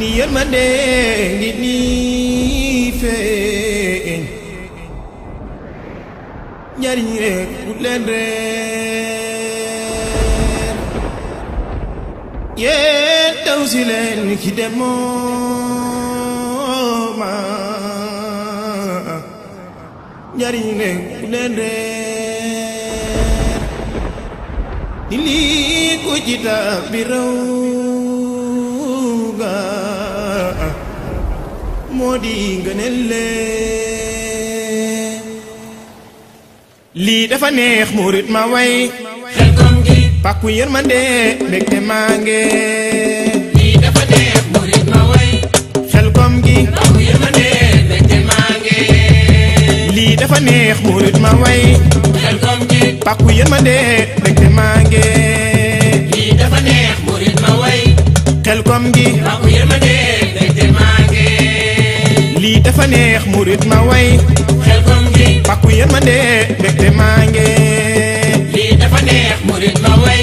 ni yërmande ngi nii feeñ njariñ rek ut leen reer yéen leen ki demooma njariñ rek ut leen reer lii ku ci tab ga moo di ngëneel lee lii dafa neex murit ma way xel kom gi pàkku yërmande mbégte maa nge lii dafa neex murit ma way xel kom gi pàkku yërmande mbégte maa nge lii dafa neex murit ma way xel kom gi pàkku yërmande mbégte maa nge lii dafa neex murit ma way xel kom gi dafa neex murit ma way xel kom gi bàkku yërmande mbégte maa ngi lii dafa neex murit ma way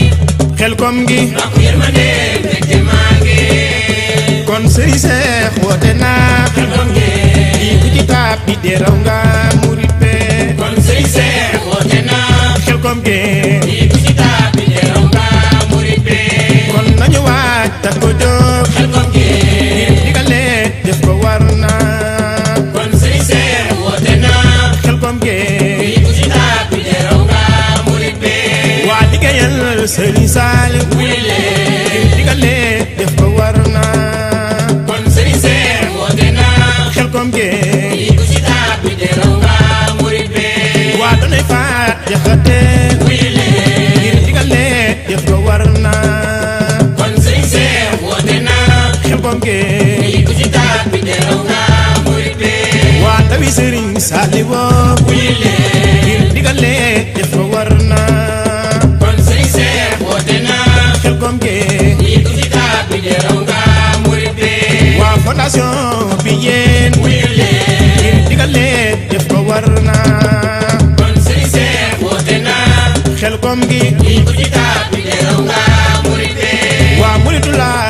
xel kom gi bàkku yërmande mbégte maa ngi kon sëriñ seex woote xel kom gi lii ku ci taab bi deeraw nga murit be kon sëriñ seex woote xel kom gi kër Serigne Saliou. wuli leen ngir digale def ko war naa. kon Serigne Seck woote naa. xel kom gee. lii ko si taat bi delloo nga murit bee. waa danay faat jaxate. wuli leen ngir digale def ko war naa. kon Serigne Seck woote naa. xel kom gee. lii ko si taat bi delloo nga murit bee. waa tawi Serigne Saliou.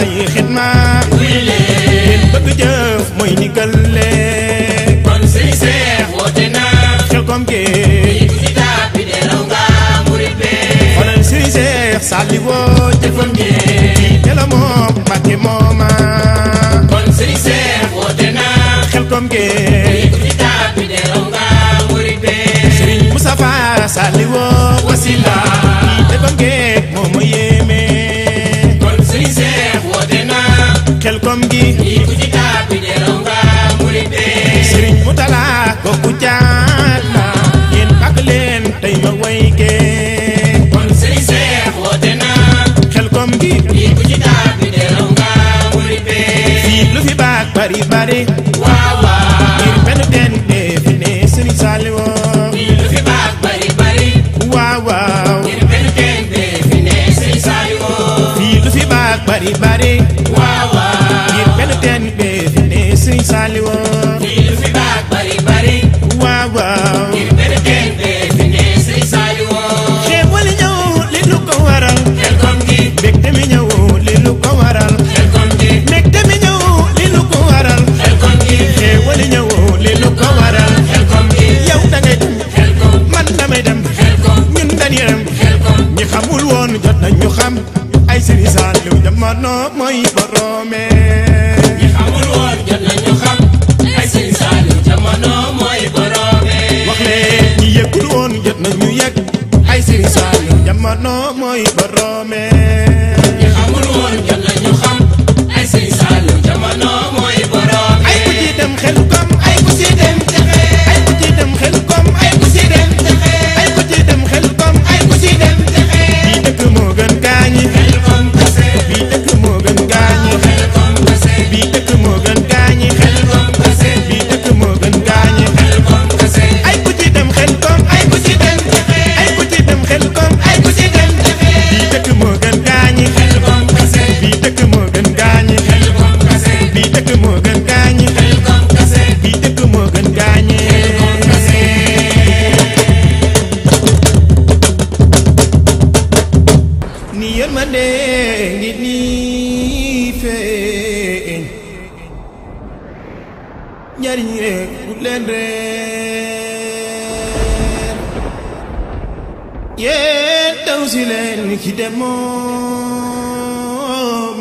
ay xidma ngeen bëgg jëf mooy ndigal leen kon sëñ Seex woote na Xelcom gi bi bu ci taab bi dee raw nga murit bee xoolal sëñ Seex Welcome Barra ni njariñ rek bu leen reer yéen daw leen ki demoo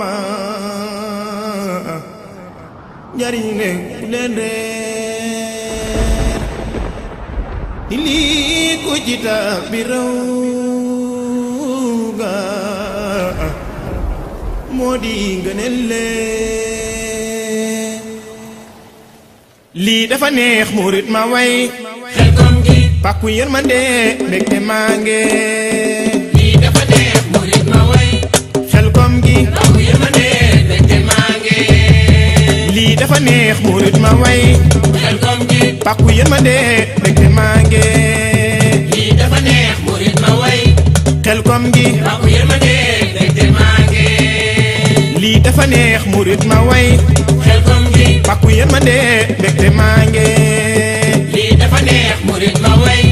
njariñ rek bu leen reer ni lii ku ci taa lii dafa neex murit ma way Xelcom gi pàkku yërmande mbégte maa nge lii dafa neex murit ma way Xelcom gi pàkku yërmande mbégte maa nge lii dafa neex murit ma way Xelcom gi pàkku yërmande neex murit ma way Xelcom gi bàkku yërmande mbégte maa ngi lii dafa neex murit ma way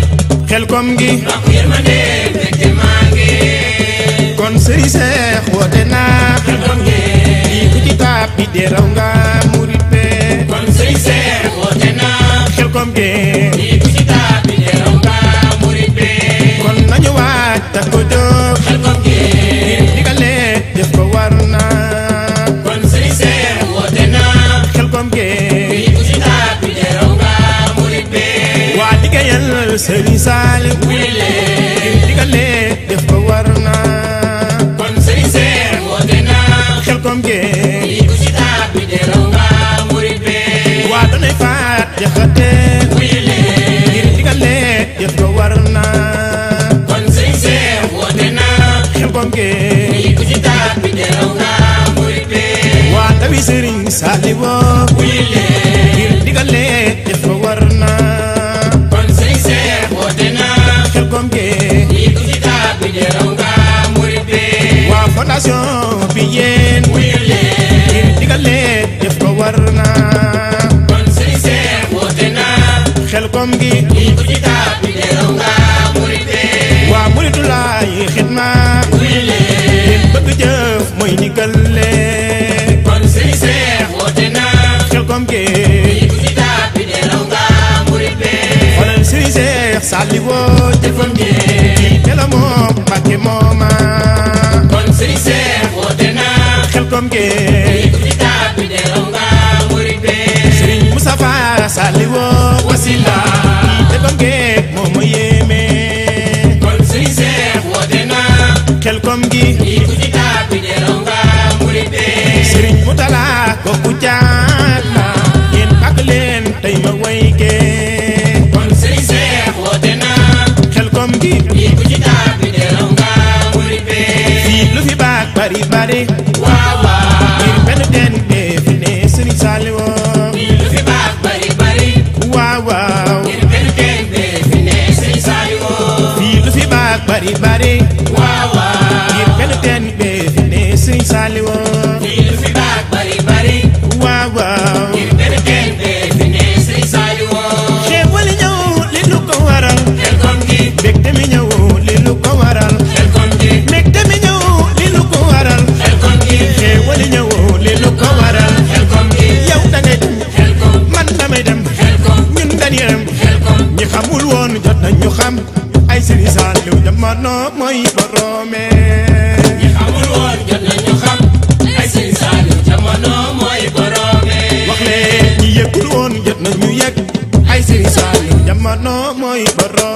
Xelcom gi bàkku yërmande mbégte maa ngi kon sëriñ seex lii ku ci taab bi dee raw nga murit be kon sëriñ seex woote naa Xelcom gi ser ensaio koom gi nii ku ci tàbbi teew nga murite waa muritu laay xidma leen bëgg jëf mooy ndigal lee kon sëriñ seex woote na xel koom gi nii ku ci tàbbi teew nga murite xoolal sëriñ seex sàlli woo jëfam gi te la moom mbàkke mooma kon sëriñ seex woote na xel koom gi felicidade. Cerno mooy borome ñi xamul woon jot nañu xam ay sëñ Saliou jamono mooy borome wax leen ñi yëgul jot nañu yëg ay sëñ Saliou jamono mooy borome